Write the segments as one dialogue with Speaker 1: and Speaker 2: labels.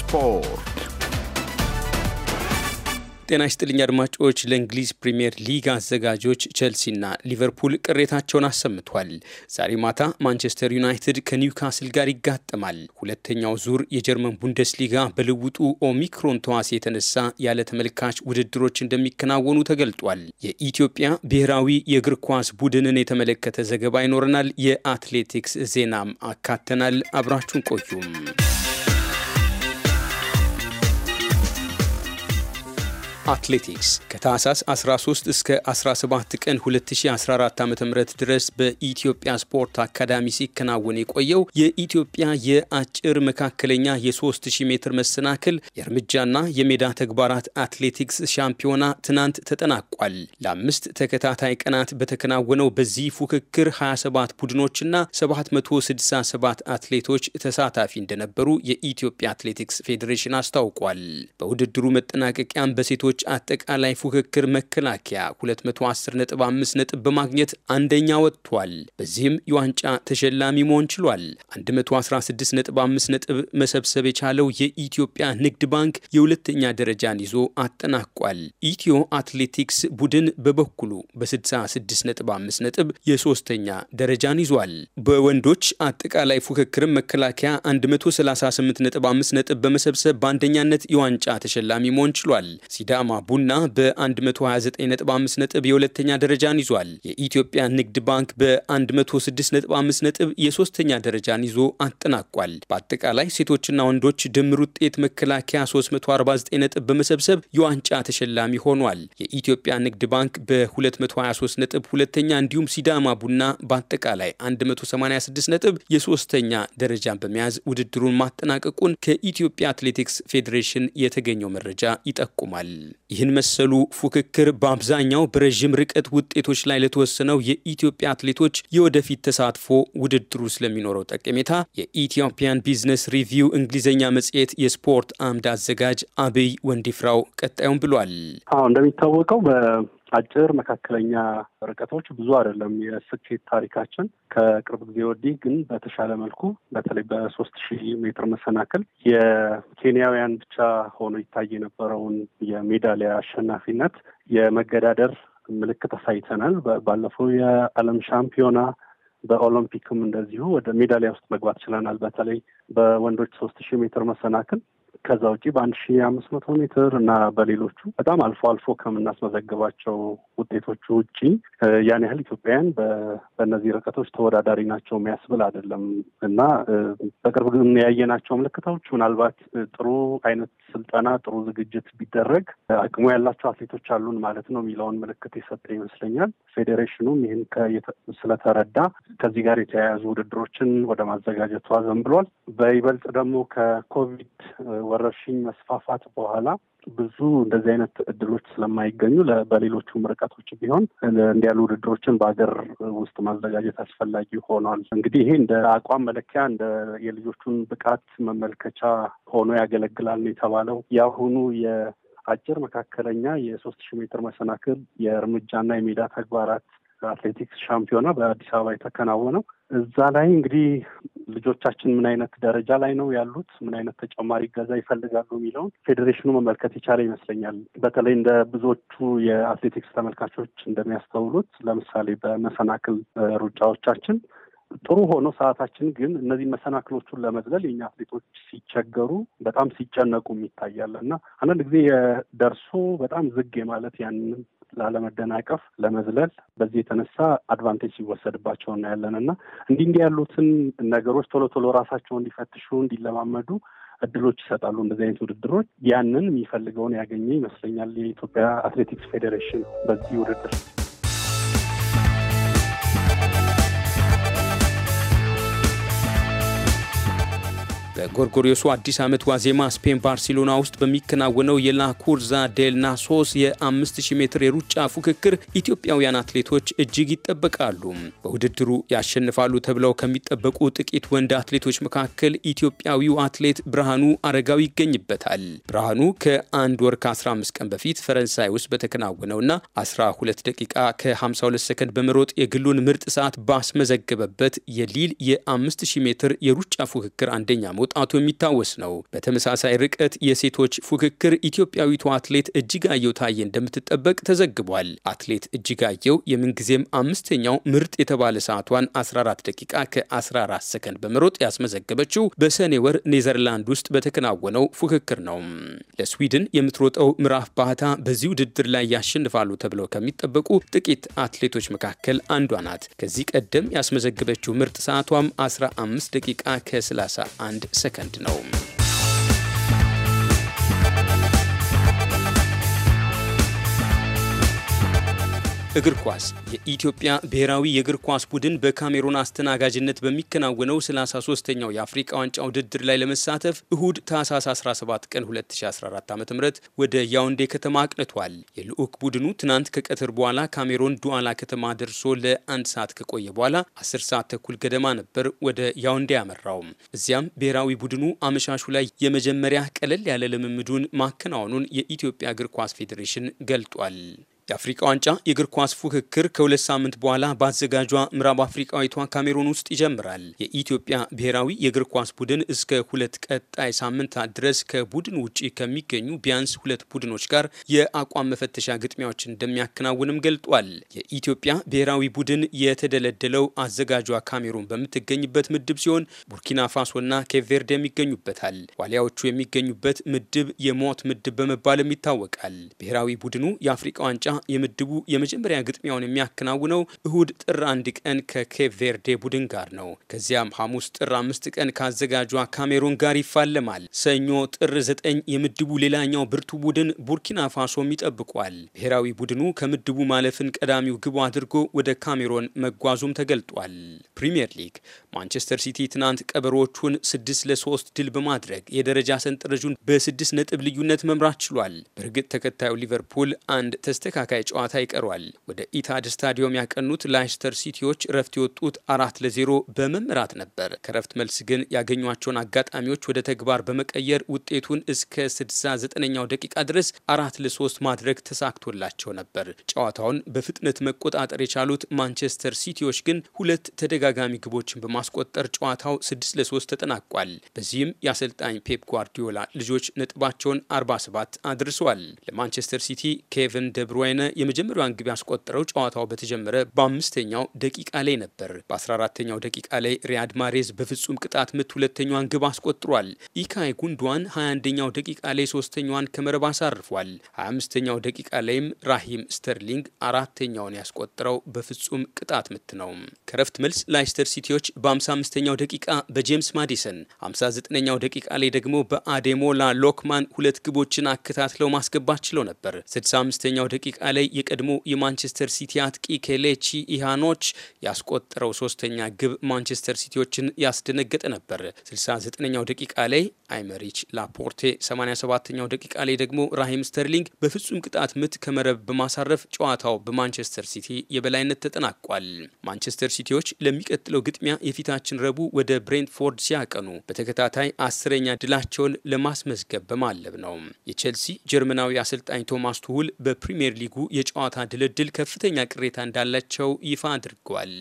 Speaker 1: ስፖርት። ጤና ይስጥልኝ አድማጮች። ለእንግሊዝ ፕሪምየር ሊግ አዘጋጆች ቼልሲና ሊቨርፑል ቅሬታቸውን አሰምቷል። ዛሬ ማታ ማንቸስተር ዩናይትድ ከኒውካስል ጋር ይጋጠማል። ሁለተኛው ዙር የጀርመን ቡንደስሊጋ በልውጡ ኦሚክሮን ተዋሴ የተነሳ ያለ ተመልካች ውድድሮች እንደሚከናወኑ ተገልጧል። የኢትዮጵያ ብሔራዊ የእግር ኳስ ቡድንን የተመለከተ ዘገባ ይኖረናል። የአትሌቲክስ ዜናም አካተናል። አብራችሁን ቆዩም አትሌቲክስ ከታህሳስ 13 እስከ 17 ቀን 2014 ዓ ም ድረስ በኢትዮጵያ ስፖርት አካዳሚ ሲከናወን የቆየው የኢትዮጵያ የአጭር መካከለኛ የ3000 ሜትር መሰናክል የእርምጃና የሜዳ ተግባራት አትሌቲክስ ሻምፒዮና ትናንት ተጠናቋል። ለአምስት ተከታታይ ቀናት በተከናወነው በዚህ ፉክክር 27 ቡድኖችና 767 አትሌቶች ተሳታፊ እንደነበሩ የኢትዮጵያ አትሌቲክስ ፌዴሬሽን አስታውቋል። በውድድሩ መጠናቀቂያም በሴቶች ሴቶች አጠቃላይ ፉክክር መከላከያ 210.5 ነጥብ በማግኘት አንደኛ ወጥቷል። በዚህም የዋንጫ ተሸላሚ መሆን ችሏል። 116.5 ነጥብ መሰብሰብ የቻለው የኢትዮጵያ ንግድ ባንክ የሁለተኛ ደረጃን ይዞ አጠናቋል። ኢትዮ አትሌቲክስ ቡድን በበኩሉ በ66.5 ነጥብ የሶስተኛ ደረጃን ይዟል። በወንዶች አጠቃላይ ፉክክርም መከላከያ 138.5 ነጥብ በመሰብሰብ በአንደኛነት የዋንጫ ተሸላሚ መሆን ችሏል። ሲዳ ሲዳማ ቡና በ129.5 ነጥብ የሁለተኛ ደረጃን ይዟል። የኢትዮጵያ ንግድ ባንክ በ106.5 ነጥብ የሶስተኛ ደረጃን ይዞ አጠናቋል። በአጠቃላይ ሴቶችና ወንዶች ድምር ውጤት መከላከያ 349 ነጥብ በመሰብሰብ የዋንጫ ተሸላሚ ሆኗል። የኢትዮጵያ ንግድ ባንክ በ223 ነጥብ ሁለተኛ፣ እንዲሁም ሲዳማ ቡና በአጠቃላይ 186 ነጥብ የሶስተኛ ደረጃን በመያዝ ውድድሩን ማጠናቀቁን ከኢትዮጵያ አትሌቲክስ ፌዴሬሽን የተገኘው መረጃ ይጠቁማል። ይህን መሰሉ ፉክክር በአብዛኛው በረዥም ርቀት ውጤቶች ላይ ለተወሰነው የኢትዮጵያ አትሌቶች የወደፊት ተሳትፎ ውድድሩ ስለሚኖረው ጠቀሜታ የኢትዮጵያን ቢዝነስ ሪቪው እንግሊዝኛ መጽሔት የስፖርት አምድ አዘጋጅ አብይ ወንዲፍራው ቀጣዩን ብሏል።
Speaker 2: አዎ እንደሚታወቀው አጭር፣ መካከለኛ ርቀቶች ብዙ አይደለም የስኬት ታሪካችን። ከቅርብ ጊዜ ወዲህ ግን በተሻለ መልኩ በተለይ በሶስት ሺህ ሜትር መሰናክል የኬንያውያን ብቻ ሆኖ ይታይ የነበረውን የሜዳሊያ አሸናፊነት የመገዳደር ምልክት አሳይተናል። ባለፈው የዓለም ሻምፒዮና በኦሎምፒክም እንደዚሁ ወደ ሜዳሊያ ውስጥ መግባት ችለናል። በተለይ በወንዶች ሶስት ሺህ ሜትር መሰናክል ከዛ ውጪ በአንድ ሺ አምስት መቶ ሜትር እና በሌሎቹ በጣም አልፎ አልፎ ከምናስመዘግባቸው ውጤቶቹ ውጪ ያን ያህል ኢትዮጵያውያን በእነዚህ ርቀቶች ተወዳዳሪ ናቸው የሚያስብል አይደለም እና በቅርብ ያየናቸው ምልክታዎች ምናልባት ጥሩ አይነት ስልጠና፣ ጥሩ ዝግጅት ቢደረግ አቅሙ ያላቸው አትሌቶች አሉን ማለት ነው የሚለውን ምልክት የሰጠ ይመስለኛል። ፌዴሬሽኑም ይህን ስለተረዳ ከዚህ ጋር የተያያዙ ውድድሮችን ወደ ማዘጋጀቱ አዘንብሏል። በይበልጥ ደግሞ ከኮቪድ ወረርሽኝ መስፋፋት በኋላ ብዙ እንደዚህ አይነት እድሎች ስለማይገኙ በሌሎቹም ርቀቶች ቢሆን እንዲያሉ ያሉ ውድድሮችን በሀገር ውስጥ ማዘጋጀት አስፈላጊ ሆኗል። እንግዲህ ይሄ እንደ አቋም መለኪያ እንደ የልጆቹን ብቃት መመልከቻ ሆኖ ያገለግላል ነው የተባለው። የአሁኑ የአጭር መካከለኛ የሶስት ሺህ ሜትር መሰናክል የእርምጃና የሜዳ ተግባራት አትሌቲክስ ሻምፒዮና በአዲስ አበባ የተከናወነው። እዛ ላይ እንግዲህ ልጆቻችን ምን አይነት ደረጃ ላይ ነው ያሉት፣ ምን አይነት ተጨማሪ ገዛ ይፈልጋሉ የሚለውን ፌዴሬሽኑ መመልከት የቻለ ይመስለኛል። በተለይ እንደ ብዙዎቹ የአትሌቲክስ ተመልካቾች እንደሚያስተውሉት ለምሳሌ በመሰናክል ሩጫዎቻችን ጥሩ ሆኖ ሰዓታችን ግን እነዚህ መሰናክሎቹን ለመዝለል የኛ አትሌቶች ሲቸገሩ በጣም ሲጨነቁም ይታያል እና አንዳንድ ጊዜ የደርሶ በጣም ዝግ ማለት ያንን ላለመደናቀፍ፣ ለመዝለል በዚህ የተነሳ አድቫንቴጅ ሲወሰድባቸው እናያለን እና እንዲህ እንዲህ ያሉትን ነገሮች ቶሎ ቶሎ ራሳቸው እንዲፈትሹ እንዲለማመዱ እድሎች ይሰጣሉ። እንደዚህ አይነት ውድድሮች ያንን የሚፈልገውን ያገኘ ይመስለኛል የኢትዮጵያ አትሌቲክስ ፌዴሬሽን በዚህ ውድድር
Speaker 1: በጎርጎሪዮሱ አዲስ ዓመት ዋዜማ ስፔን ባርሴሎና ውስጥ በሚከናወነው የላኩርዛ ዴልና ሶስ የ5000 ሜትር የሩጫ ፉክክር ኢትዮጵያውያን አትሌቶች እጅግ ይጠበቃሉ። በውድድሩ ያሸንፋሉ ተብለው ከሚጠበቁ ጥቂት ወንድ አትሌቶች መካከል ኢትዮጵያዊው አትሌት ብርሃኑ አረጋዊ ይገኝበታል። ብርሃኑ ከአንድ ወር ከ15 ቀን በፊት ፈረንሳይ ውስጥ በተከናወነውና 12 ደቂቃ ከ52 ሰከንድ በመሮጥ የግሉን ምርጥ ሰዓት ባስመዘገበበት የሊል የ5000 ሜትር የሩጫ ፉክክር አንደኛ ሞት መውጣቱ የሚታወስ ነው። በተመሳሳይ ርቀት የሴቶች ፉክክር ኢትዮጵያዊቱ አትሌት እጅጋየው ታዬ እንደምትጠበቅ ተዘግቧል። አትሌት እጅጋየው የምንጊዜም አምስተኛው ምርጥ የተባለ ሰዓቷን 14 ደቂቃ ከ14 ሰከንድ በመሮጥ ያስመዘገበችው በሰኔ ወር ኔዘርላንድ ውስጥ በተከናወነው ፉክክር ነው። ለስዊድን የምትሮጠው ምዕራፍ ባህታ በዚህ ውድድር ላይ ያሸንፋሉ ተብለው ከሚጠበቁ ጥቂት አትሌቶች መካከል አንዷ ናት። ከዚህ ቀደም ያስመዘገበችው ምርጥ ሰዓቷም 15 ደቂቃ ከ31 ሰከንድ ነው። እግር ኳስ የኢትዮጵያ ብሔራዊ የእግር ኳስ ቡድን በካሜሩን አስተናጋጅነት በሚከናወነው 33ኛው የአፍሪቃ ዋንጫ ውድድር ላይ ለመሳተፍ እሁድ ታህሳስ 17 ቀን 2014 ዓ ም ወደ ያውንዴ ከተማ አቅንቷል። የልዑክ ቡድኑ ትናንት ከቀትር በኋላ ካሜሮን ዱዋላ ከተማ ደርሶ ለአንድ ሰዓት ከቆየ በኋላ 10 ሰዓት ተኩል ገደማ ነበር ወደ ያውንዴ ያመራውም። እዚያም ብሔራዊ ቡድኑ አመሻሹ ላይ የመጀመሪያ ቀለል ያለ ልምምዱን ማከናወኑን የኢትዮጵያ እግር ኳስ ፌዴሬሽን ገልጧል። የአፍሪቃ ዋንጫ የእግር ኳስ ፉክክር ከሁለት ሳምንት በኋላ በአዘጋጇ ምዕራብ አፍሪቃዊቷ ካሜሩን ውስጥ ይጀምራል። የኢትዮጵያ ብሔራዊ የእግር ኳስ ቡድን እስከ ሁለት ቀጣይ ሳምንታት ድረስ ከቡድን ውጪ ከሚገኙ ቢያንስ ሁለት ቡድኖች ጋር የአቋም መፈተሻ ግጥሚያዎችን እንደሚያከናውንም ገልጧል። የኢትዮጵያ ብሔራዊ ቡድን የተደለደለው አዘጋጇ ካሜሩን በምትገኝበት ምድብ ሲሆን ቡርኪና ፋሶና ኬቬርዴ ይገኙበታል። ዋሊያዎቹ የሚገኙበት ምድብ የሞት ምድብ በመባልም ይታወቃል። ብሔራዊ ቡድኑ የአፍሪቃ ዋንጫ የምድቡ የመጀመሪያ ግጥሚያውን የሚያከናውነው እሁድ ጥር አንድ ቀን ከኬፕ ቬርዴ ቡድን ጋር ነው። ከዚያም ሐሙስ ጥር አምስት ቀን ካዘጋጇ ካሜሩን ጋር ይፋለማል። ሰኞ ጥር ዘጠኝ የምድቡ ሌላኛው ብርቱ ቡድን ቡርኪና ፋሶም ይጠብቋል። ብሔራዊ ቡድኑ ከምድቡ ማለፍን ቀዳሚው ግቡ አድርጎ ወደ ካሜሮን መጓዙም ተገልጧል። ፕሪምየር ሊግ ማንቸስተር ሲቲ ትናንት ቀበሮቹን ስድስት ለሶስት ድል በማድረግ የደረጃ ሰንጠረዡን በስድስት ነጥብ ልዩነት መምራት ችሏል። በእርግጥ ተከታዩ ሊቨርፑል አንድ ተስተካ ተከታታይ ጨዋታ ይቀሯል። ወደ ኢታድ ስታዲየም ያቀኑት ላይስተር ሲቲዎች እረፍት የወጡት አራት ለዜሮ በመምራት ነበር። ከረፍት መልስ ግን ያገኟቸውን አጋጣሚዎች ወደ ተግባር በመቀየር ውጤቱን እስከ 69ኛው ደቂቃ ድረስ አራት ለሶስት ማድረግ ተሳክቶላቸው ነበር። ጨዋታውን በፍጥነት መቆጣጠር የቻሉት ማንቸስተር ሲቲዎች ግን ሁለት ተደጋጋሚ ግቦችን በማስቆጠር ጨዋታው 6 ለ3 ተጠናቋል። በዚህም የአሰልጣኝ ፔፕ ጓርዲዮላ ልጆች ነጥባቸውን 47 አድርሰዋል። ለማንቸስተር ሲቲ ኬቨን ደብሩይነ ተመስገነ የመጀመሪያዋን ግብ ያስቆጠረው ጨዋታው በተጀመረ በአምስተኛው ደቂቃ ላይ ነበር። በ14ተኛው ደቂቃ ላይ ሪያድ ማሬዝ በፍጹም ቅጣት ምት ሁለተኛዋን ግብ አስቆጥሯል። ኢካይ ጉንዷን 21ኛው ደቂቃ ላይ ሶስተኛዋን ከመረብ አሳርፏል። 25ተኛው ደቂቃ ላይም ራሂም ስተርሊንግ አራተኛውን ያስቆጠረው በፍጹም ቅጣት ምት ነው። ከረፍት መልስ ላይስተር ሲቲዎች በ55ኛው ደቂቃ በጄምስ ማዲሰን 59ኛው ደቂቃ ላይ ደግሞ በአዴሞላ ሎክማን ሁለት ግቦችን አከታትለው ማስገባት ችለው ነበር። 65ኛው ደቂቃ አጠቃላይ የቀድሞ የማንቸስተር ሲቲ አጥቂ ኬሌቺ ኢሃኖች ያስቆጠረው ሶስተኛ ግብ ማንቸስተር ሲቲዎችን ያስደነገጠ ነበር። 69ኛው ደቂቃ ላይ አይመሪች ላፖርቴ፣ 87ኛው ደቂቃ ላይ ደግሞ ራሂም ስተርሊንግ በፍጹም ቅጣት ምት ከመረብ በማሳረፍ ጨዋታው በማንቸስተር ሲቲ የበላይነት ተጠናቋል። ማንቸስተር ሲቲዎች ለሚቀጥለው ግጥሚያ የፊታችን ረቡዕ ወደ ብሬንትፎርድ ሲያቀኑ በተከታታይ አስረኛ ድላቸውን ለማስመዝገብ በማለብ ነው። የቼልሲ ጀርመናዊ አሰልጣኝ ቶማስ ቱሁል በፕሪምየር ሊግ በሊጉ የጨዋታ ድልድል ከፍተኛ ቅሬታ እንዳላቸው ይፋ አድርገዋል።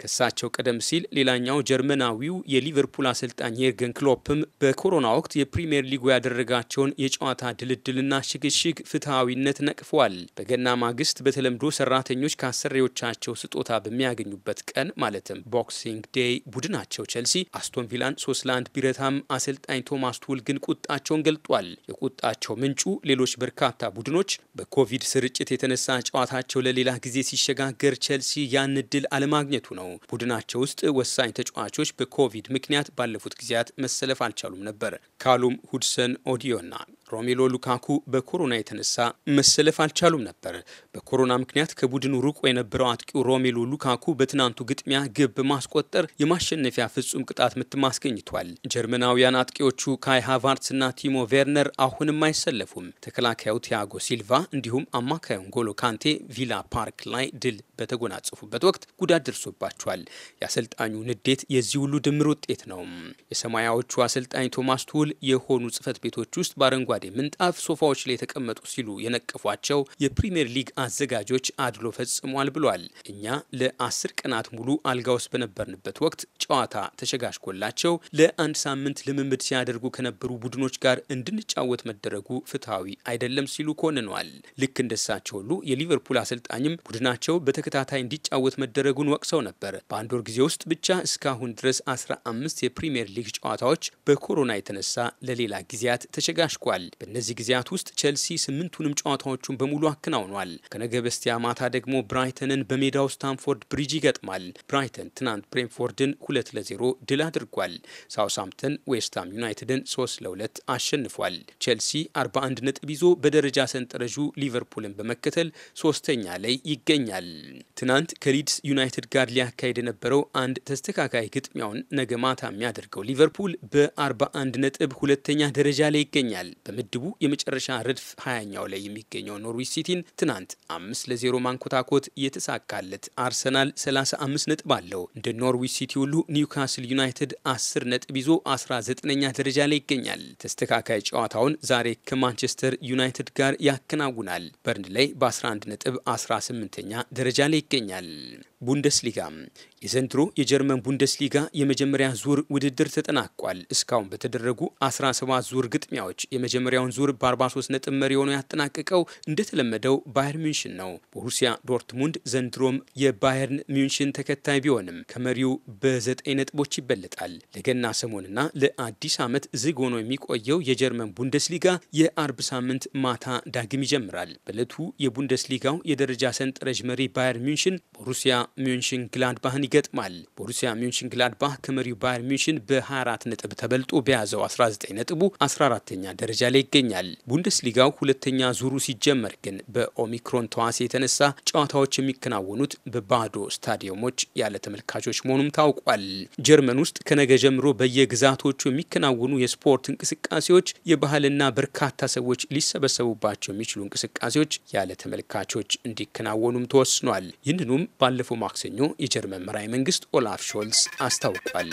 Speaker 1: ከሳቸው ቀደም ሲል ሌላኛው ጀርመናዊው የሊቨርፑል አሰልጣኝ የርገን ክሎፕም በኮሮና ወቅት የፕሪምየር ሊጉ ያደረጋቸውን የጨዋታ ድልድልና ሽግሽግ ፍትሐዊነት ነቅፈዋል። በገና ማግስት በተለምዶ ሰራተኞች ከአሰሪዎቻቸው ስጦታ በሚያገኙበት ቀን ማለትም ቦክሲንግ ዴይ ቡድናቸው ቸልሲ አስቶን ቪላን ሶስት ለአንድ ቢረታም አሰልጣኝ ቶማስ ቱል ግን ቁጣቸውን ገልጧል። የቁጣቸው ምንጩ ሌሎች በርካታ ቡድኖች በኮቪድ ስርጭት የተነሳ ጨዋታቸው ለሌላ ጊዜ ሲሸጋገር ቸልሲ ያን እድል አለማግኘቱ ነው። ቡድናቸው ውስጥ ወሳኝ ተጫዋቾች በኮቪድ ምክንያት ባለፉት ጊዜያት መሰለፍ አልቻሉም ነበር። ካሉም ሁድሰን ኦዲዮና ሮሜሎ ሉካኩ በኮሮና የተነሳ መሰለፍ አልቻሉም ነበር። በኮሮና ምክንያት ከቡድኑ ርቆ የነበረው አጥቂው ሮሜሎ ሉካኩ በትናንቱ ግጥሚያ ግብ በማስቆጠር የማሸነፊያ ፍጹም ቅጣት ምት አስገኝቷል። ጀርመናውያን አጥቂዎቹ ካይ ሃቫርትስ እና ቲሞ ቬርነር አሁንም አይሰለፉም። ተከላካዩ ቲያጎ ሲልቫ እንዲሁም አማካዩን ጎሎ ካንቴ ቪላ ፓርክ ላይ ድል በተጎናጸፉበት ወቅት ጉዳት ደርሶባቸዋል። የአሰልጣኙ ንዴት የዚህ ሁሉ ድምር ውጤት ነው። የሰማያዎቹ አሰልጣኝ ቶማስ ቱል የሆኑ ጽህፈት ቤቶች ውስጥ በአረንጓዴ አረንጓዴ ምንጣፍ ሶፋዎች ላይ የተቀመጡ ሲሉ የነቀፏቸው የፕሪምየር ሊግ አዘጋጆች አድሎ ፈጽሟል ብሏል። እኛ ለአስር ቀናት ሙሉ አልጋ ውስጥ በነበርንበት ወቅት ጨዋታ ተሸጋሽጎላቸው ለአንድ ሳምንት ልምምድ ሲያደርጉ ከነበሩ ቡድኖች ጋር እንድንጫወት መደረጉ ፍትሐዊ አይደለም ሲሉ ኮንነዋል። ልክ እንደሳቸው ሁሉ የሊቨርፑል አሰልጣኝም ቡድናቸው በተከታታይ እንዲጫወት መደረጉን ወቅሰው ነበር። በአንድ ወር ጊዜ ውስጥ ብቻ እስካሁን ድረስ አምስት የፕሪምየር ሊግ ጨዋታዎች በኮሮና የተነሳ ለሌላ ጊዜያት ተሸጋሽጓል። ተጠናቋል። በእነዚህ ጊዜያት ውስጥ ቼልሲ ስምንቱንም ጨዋታዎቹን በሙሉ አከናውኗል። ከነገ በስቲያ ማታ ደግሞ ብራይተንን በሜዳው ስታንፎርድ ብሪጅ ይገጥማል። ብራይተን ትናንት ብሬንፎርድን ሁለት ለዜሮ ድል አድርጓል። ሳውስሃምፕተን ዌስትሃም ዩናይትድን ሶስት ለሁለት አሸንፏል። ቼልሲ 41 ነጥብ ይዞ በደረጃ ሰንጠረዡ ሊቨርፑልን በመከተል ሶስተኛ ላይ ይገኛል። ትናንት ከሊድስ ዩናይትድ ጋር ሊያካሄድ የነበረው አንድ ተስተካካይ ግጥሚያውን ነገ ማታ የሚያደርገው ሊቨርፑል በ41 ነጥብ ሁለተኛ ደረጃ ላይ ይገኛል። በምድቡ የመጨረሻ ረድፍ ሀያኛው ላይ የሚገኘው ኖርዊች ሲቲን ትናንት አምስት ለዜሮ ማንኮታኮት የተሳካለት አርሰናል 35 ነጥብ አለው። እንደ ኖርዊች ሲቲ ሁሉ ኒውካስል ዩናይትድ 10 ነጥብ ይዞ 19ኛ ደረጃ ላይ ይገኛል። ተስተካካይ ጨዋታውን ዛሬ ከማንቸስተር ዩናይትድ ጋር ያከናውናል። ላይ በ11 ነጥብ 18ኛ ደረጃ ላይ ይገኛል። ቡንደስሊጋ የዘንድሮ የጀርመን ቡንደስሊጋ የመጀመሪያ ዙር ውድድር ተጠናቋል። እስካሁን በተደረጉ 17 ዙር ግጥሚያዎች የመጀመ የመጀመሪያውን ዙር በ43 ነጥብ መሪ ሆኖ ያጠናቀቀው እንደተለመደው ባየር ሚንሽን ነው። ቦሩሲያ ዶርትሙንድ ዘንድሮም የባየርን ሚንሽን ተከታይ ቢሆንም ከመሪው በዘጠኝ ነጥቦች ይበለጣል። ለገና ሰሞንና ለአዲስ ዓመት ዝግ ሆኖ የሚቆየው የጀርመን ቡንደስሊጋ የአርብ ሳምንት ማታ ዳግም ይጀምራል። በዕለቱ የቡንደስሊጋው የደረጃ ሰንጠረዥ መሪ ባየር ሚንሽን ቦሩሲያ ሚንሽን ግላድባህን ይገጥማል። ቦሩሲያ ሚንሽን ግላድባህ ከመሪው ባየር ሚንሽን በ24 ነጥብ ተበልጦ በያዘው 19 ነጥቡ 14ኛ ደረጃ እየተሻሻለ ይገኛል። ቡንደስሊጋው ሁለተኛ ዙሩ ሲጀመር ግን በኦሚክሮን ተዋሴ የተነሳ ጨዋታዎች የሚከናወኑት በባዶ ስታዲየሞች ያለ ተመልካቾች መሆኑም ታውቋል። ጀርመን ውስጥ ከነገ ጀምሮ በየግዛቶቹ የሚከናወኑ የስፖርት እንቅስቃሴዎች፣ የባህልና በርካታ ሰዎች ሊሰበሰቡባቸው የሚችሉ እንቅስቃሴዎች ያለ ተመልካቾች እንዲከናወኑም ተወስኗል። ይህንኑም ባለፈው ማክሰኞ የጀርመን መራሄ መንግስት ኦላፍ ሾልስ አስታውቋል።